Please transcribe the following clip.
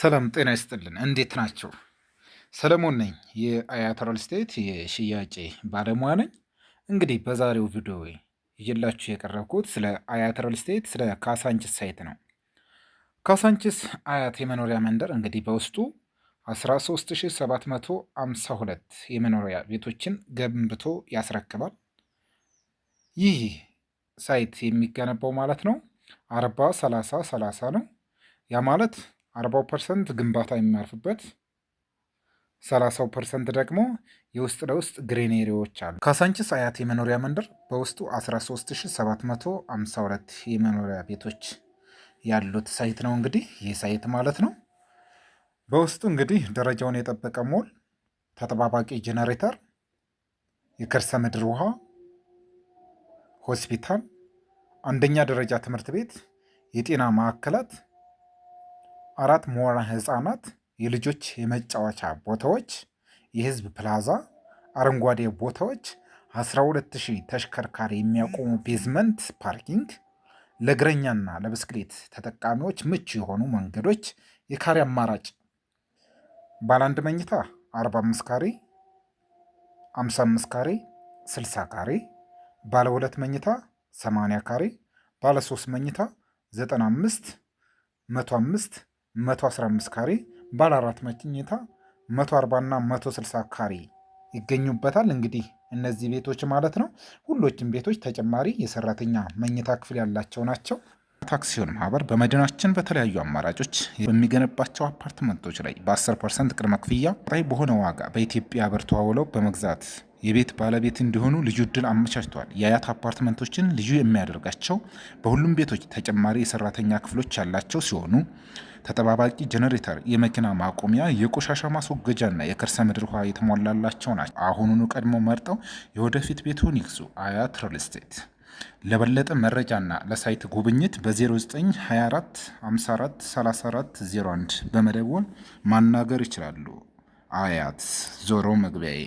ሰላም ጤና ይስጥልን። እንዴት ናቸው? ሰለሞን ነኝ የአያት ሪል ስቴት የሽያጭ ባለሙያ ነኝ። እንግዲህ በዛሬው ቪዲዮ እየላችሁ የቀረብኩት ስለ አያት ሪል ስቴት ስለ ካሳንችስ ሳይት ነው። ካሳንችስ አያት የመኖሪያ መንደር እንግዲህ በውስጡ 13752 የመኖሪያ ቤቶችን ገንብቶ ያስረክባል። ይህ ሳይት የሚገነባው ማለት ነው አርባ ሰላሳ 30 ነው። ያ ማለት አርባው ፐርሰንት ግንባታ የሚያርፍበት ሰላሳው ፐርሰንት ደግሞ የውስጥ ለውስጥ ግሬኔሪዎች አሉ። ካሳንችስ አያት የመኖሪያ መንደር በውስጡ 13752 የመኖሪያ ቤቶች ያሉት ሳይት ነው። እንግዲህ ይህ ሳይት ማለት ነው። በውስጡ እንግዲህ ደረጃውን የጠበቀ ሞል፣ ተጠባባቂ ጄኔሬተር፣ የከርሰ ምድር ውሃ፣ ሆስፒታል፣ አንደኛ ደረጃ ትምህርት ቤት፣ የጤና ማዕከላት አራት መዋዕለ ህፃናት የልጆች የመጫወቻ ቦታዎች፣ የህዝብ ፕላዛ፣ አረንጓዴ ቦታዎች፣ 12000 ተሽከርካሪ የሚያቆሙ ቤዝመንት ፓርኪንግ፣ ለእግረኛና ለብስክሌት ተጠቃሚዎች ምቹ የሆኑ መንገዶች፣ የካሬ አማራጭ ባለ አንድ መኝታ 45 ካሬ፣ 55 ካሬ፣ 60 ካሬ፣ ባለ ሁለት መኝታ 80 ካሬ፣ ባለ ሶስት መኝታ 95፣ 105 115 ካሬ ባለ አራት መኝታ 140 እና 160 ካሬ ይገኙበታል። እንግዲህ እነዚህ ቤቶች ማለት ነው። ሁሎችም ቤቶች ተጨማሪ የሰራተኛ መኝታ ክፍል ያላቸው ናቸው። አክሲዮን ማህበር በመዲናችን በተለያዩ አማራጮች በሚገነባቸው አፓርትመንቶች ላይ በ10 ፐርሰንት ቅድመ ክፍያ በሆነ ዋጋ በኢትዮጵያ ብር ተዋውለው በመግዛት የቤት ባለቤት እንዲሆኑ ልዩ እድል አመቻችተዋል። የአያት አፓርትመንቶችን ልዩ የሚያደርጋቸው በሁሉም ቤቶች ተጨማሪ የሰራተኛ ክፍሎች ያላቸው ሲሆኑ ተጠባባቂ ጀነሬተር፣ የመኪና ማቆሚያ፣ የቆሻሻ ማስወገጃና የከርሰ ምድር ውሃ የተሟላላቸው ናቸው። አሁኑኑ ቀድሞ መርጠው የወደፊት ቤቱን ይግዙ። አያት ሪል ስቴት። ለበለጠ መረጃና ለሳይት ጉብኝት በ0924 54 34 01 በመደወል ማናገር ይችላሉ። አያት ዞሮ መግቢያዬ